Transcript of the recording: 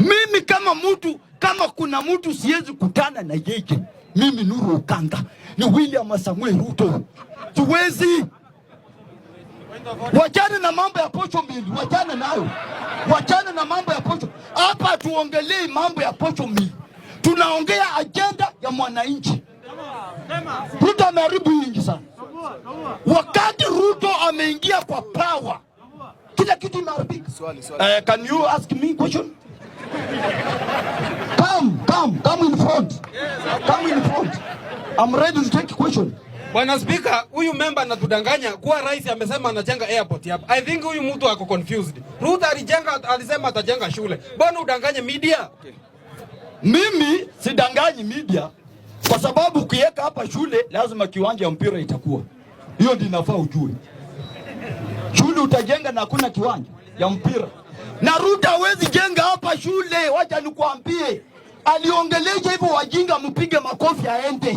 Mimi kama mtu kama kuna mtu siwezi kutana na yeye, mimi Nuru Ukanga ni William Samuel Ruto, tuwezi wachana na mambo ya pocho mbili, wachana nayo, wachana na mambo ya pocho hapa. Tuongelee mambo ya pocho mbili, tunaongea ajenda ya mwananchi. Ruto ameharibu nyingi sana. Wakati Ruto ameingia kwa power, kila kitu imeharibika. Uh, can you ask me question? Come in front. I'm ready to take question. Bwana Speaker, huyu member anatudanganya kuwa rais amesema anajenga airport hapa. I think huyu mtu ako confused. Ruto alijenga, alisema atajenga shule. Bwana udanganye media? Mimi sidanganyi media kwa sababu ukiweka hapa shule lazima kiwanja ya mpira itakuwa. Hiyo ndio inafaa ujue. Shule utajenga na hakuna kiwanja ya mpira. Na Ruto hawezi jenga hapa shule, wacha nikuambie. Aliongelesha hivyo wajinga ente!